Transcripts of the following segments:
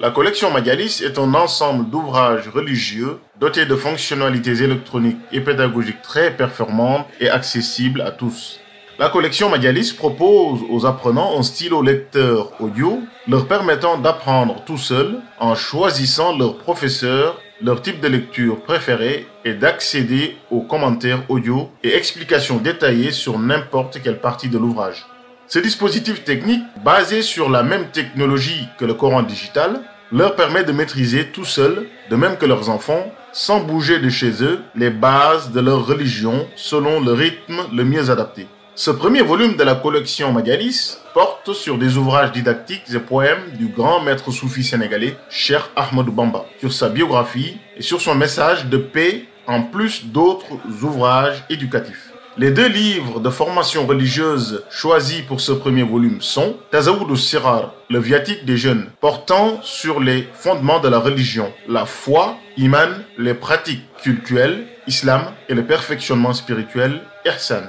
La collection Magalis est un ensemble d'ouvrages religieux dotés de fonctionnalités électroniques et pédagogiques très performantes et accessibles à tous. La collection Magalis propose aux apprenants un stylo lecteur audio leur permettant d'apprendre tout seul en choisissant leur professeur, leur type de lecture préféré et d'accéder aux commentaires audio et explications détaillées sur n'importe quelle partie de l'ouvrage. Ces dispositifs techniques, basés sur la même technologie que le Coran digital, leur permet de maîtriser tout seuls, de même que leurs enfants, sans bouger de chez eux, les bases de leur religion selon le rythme le mieux adapté. Ce premier volume de la collection Magalis porte sur des ouvrages didactiques et poèmes du grand maître soufi sénégalais, Cher Ahmed Bamba, sur sa biographie et sur son message de paix, en plus d'autres ouvrages éducatifs. Les deux livres de formation religieuse choisis pour ce premier volume sont Tazaoud sirar le viatique des jeunes, portant sur les fondements de la religion, la foi, iman, les pratiques cultuelles, islam et le perfectionnement spirituel, ihsan.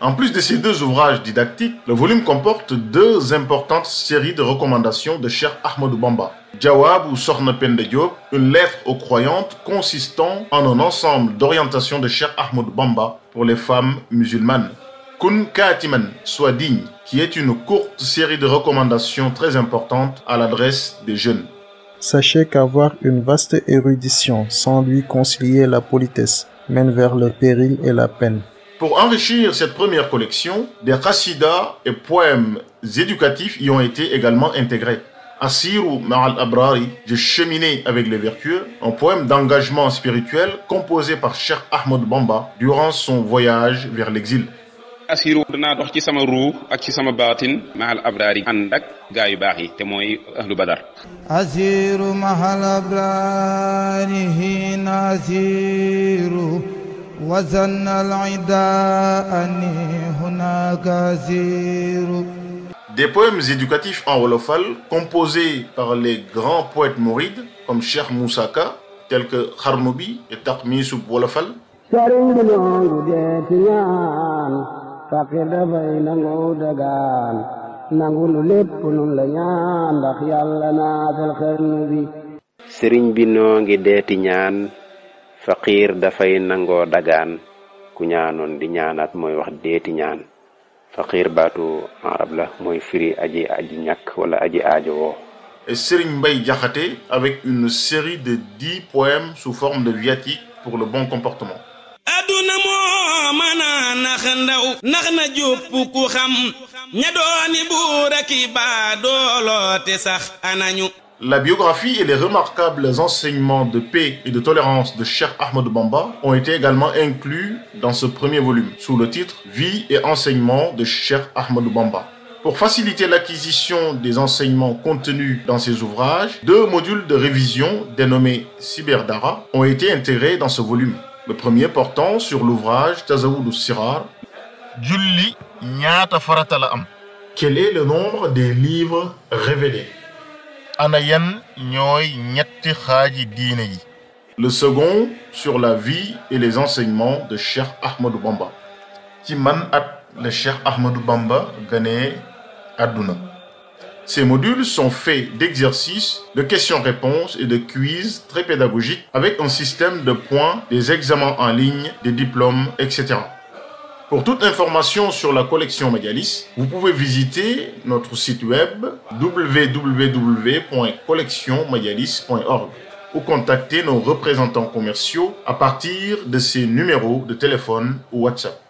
En plus de ces deux ouvrages didactiques, le volume comporte deux importantes séries de recommandations de Cher Ahmed Bamba. Jawab ou Sornepen une lettre aux croyantes consistant en un ensemble d'orientations de Cher Ahmed Bamba pour les femmes musulmanes. Kun Kaatiman, soit digne, qui est une courte série de recommandations très importantes à l'adresse des jeunes. Sachez qu'avoir une vaste érudition sans lui concilier la politesse mène vers le péril et la peine. Pour enrichir cette première collection, des chassidas et poèmes éducatifs y ont été également intégrés. Asiru Ma'al Abrari, J'ai cheminé avec les vertueux, un poème d'engagement spirituel composé par Cheikh Ahmed Bamba durant son voyage vers l'exil. asiru Bernard dox ci sama Batin ak ci sama mahal Abrari Andak yi te badar asiru Ma'al Abrari des poèmes éducatifs en wolofal composés par les grands poètes mourides comme Cheikh Moussaka, tels que Kharmobi et Takmi Soub Wolofal. faqir da fay nango dagan ku ñaanon di ñaanat moy wax deeti ñaan faqir batu arab la moy firi aji aji ñak wala aji aji wo et Serigne mbay jaxate avec une série de 10 poèmes sous forme de viatique pour le bon comportement. aduna mo mana nax ndaw nax na jop ku xam ñadoni bu buur ak i baa sax anañu La biographie et les remarquables enseignements de paix et de tolérance de Cheikh Ahmed Bamba ont été également inclus dans ce premier volume sous le titre Vie et enseignements de Cheikh Ahmed Bamba. Pour faciliter l'acquisition des enseignements contenus dans ces ouvrages, deux modules de révision dénommés Cyberdara ont été intégrés dans ce volume. Le premier portant sur l'ouvrage Tazawud Sirar. Julli Quel est le nombre des livres révélés le second sur la vie et les enseignements de Cheikh Ahmadou Bamba. Cheikh Bamba Ces modules sont faits d'exercices, de questions-réponses et de quiz très pédagogiques avec un système de points, des examens en ligne, des diplômes, etc. Pour toute information sur la collection Megalis, vous pouvez visiter notre site web www.collectionmegalis.org ou contacter nos représentants commerciaux à partir de ces numéros de téléphone ou WhatsApp.